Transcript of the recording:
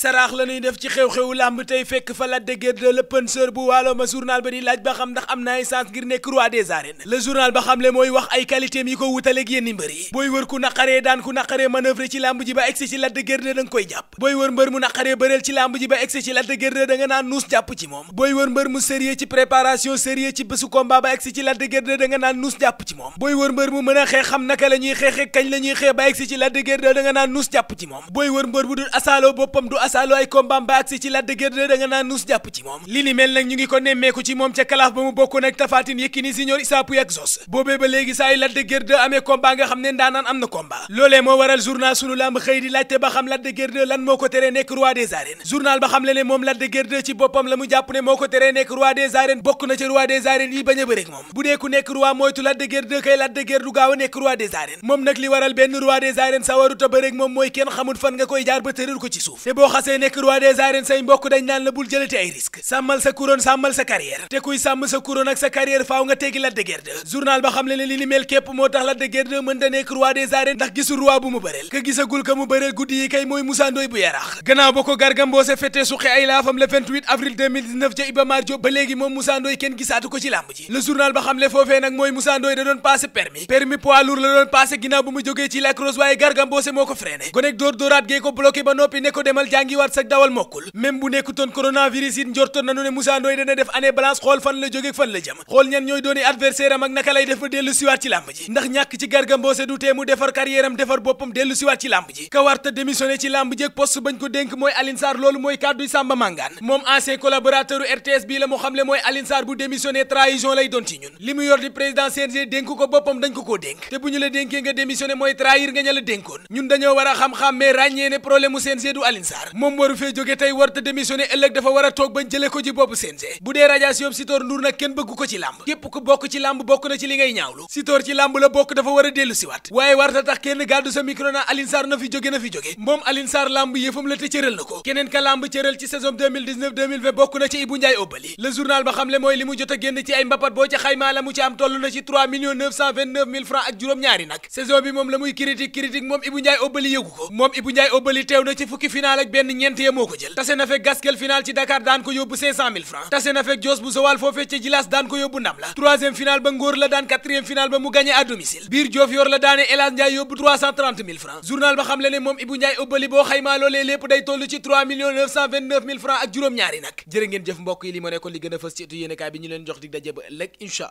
saraax la ñuy def ci xew-xewu làmb tey fekk fa Lac de Guiers penseur bu waalo journal ba di laaj ba xam ndax am na ay chance ngir ne roi des arènes le journal ba xamle mooy wax ay qualité yi ko wutaleeg yenn mbër yi booy wër ku naqaree daan ku naqaree manœuvre ci làmb ji ba egsi ci Lac de Guiers koy jàpp booy wër mbër mu naqaree bëreel ci làmb ji ba egsi ci Lac de Guiers naan nuus jàpp ci moom booy wër mbër mu sérieux ci préparation xam naka la ñuy xeexee kañ la ñuy xeex ba egsi ci Lac de Guiers 2 da nga naan nuus maasaalu ay kombaam ba agsi ci Lac de Guiers naan nuus jàpp ci moom li ni mel nag ñu ngi ko nemmeeku ci moom ca kalaaf ba mu bokkoon ak tafaatin Yékini Junior Issa Pouye ak Zoss boobee ba léegi saa yu Lac de Guiers 2 amee combat nga xam ne ndaanaan am na combat loolee moo waral journal sunu lamb xëy di laajte ba xam Lac de Guiers 2 lan moo ko tere nekk roi des arènes journal ba xam le ne moom Lac de ci boppam la mu jàpp ne moo ko teree nekk roi des arènes bokk na ci roi des arènes a a nekk roi kenn xamul fan nga koy jaar ba tëral ko ci suuf xasee nekk roi des arènes say mbokk dañ naan la bul jëlati ay risque sàmmal sa couronne sàmmal sa carrière te kuy sàmm sa couronne ak sa carrière faaw nga teggi Lac de Guiers 2 journal ba xam le ne li ni mel képp moo tax Lac de mën da nekk roi des arènes ndax gisul roi bu mu bëreel ka gisagul ka mu bëreel guddi yi kay mooy Moussa bu yaraax gannaaw ba ko Garga fete suqi ay laafam le 28 avril 2019 ca Iba ba léegi moom Moussa ngi waat sa dawal mokkul même bu nekkutoon coronavirus it njortoon nanu ne Moussa Ndoye dana def année balance xool fan la jóge fan la jëm xool ñan ñooy dooni adversaire am ak naka lay def ba dellu siwaat ci làmb ji ndax ñàkk ci Garga Mbossé du tee mu defar carrière am defar boppam dellu siwaat ci làmb ji ka warta ci làmb ji ak poste bañ ko dénk mooy Alioune Sarr loolu mooy kàdduy Samba Mangane moom ancien collaborateur RTS bii la mu mooy Alioune Sarr bu démissionné trahison lay doon ci ñun li mu ko ko koo te bu ñu la dénkee nga démissionné mooy trahir nga ña la dénkoon ñun dañoo war a xam-xam mais moom waru fee jóge tey war te démissionné ëllëg dafa war a toog bañ jële ko ji boppu CNG bu dee radiation Sitor Ndour nag kenn bëgg ko ci làmb képp ku bokk ci làmb bokk na ci li ngay ñaawlu Sitor ci làmb la bokk dafa war a dellu siwaat waaye war ta tax kenn gàddu sa micro na Alioune Sarr na fi jóge na fi jóge moom Alioune làmb yëfam la te cëral na ko keneen ka làmb cëral ci saison 2019 2020 bokk na ci Ibou Ndiaye Obali a génn ci ay mbapat boo ca xaymaa la na ci 3 millions 929 la muy critique critique moom Ibou yenn ñeent ya moo ko jël fekk gaskel final ci Dakar daan ko yóbbu francs tase na fekk joos bu Joal foofee ca Jilas daan ko yóbbu ndam la troisième final ba ngóor la daan quatrième ba mu gagné à domicile biir joof yor la daane El Hadj Ndiaye yóbbu 330000 francs journal ba xam le ne moom Ibou Ndiaye ëbbali boo xaymaa loolee lépp day toll ci 3 929 000 francs ak juróom-ñaari nag jërë ngeen jëf mbokk yi li ma nekkoon li a fës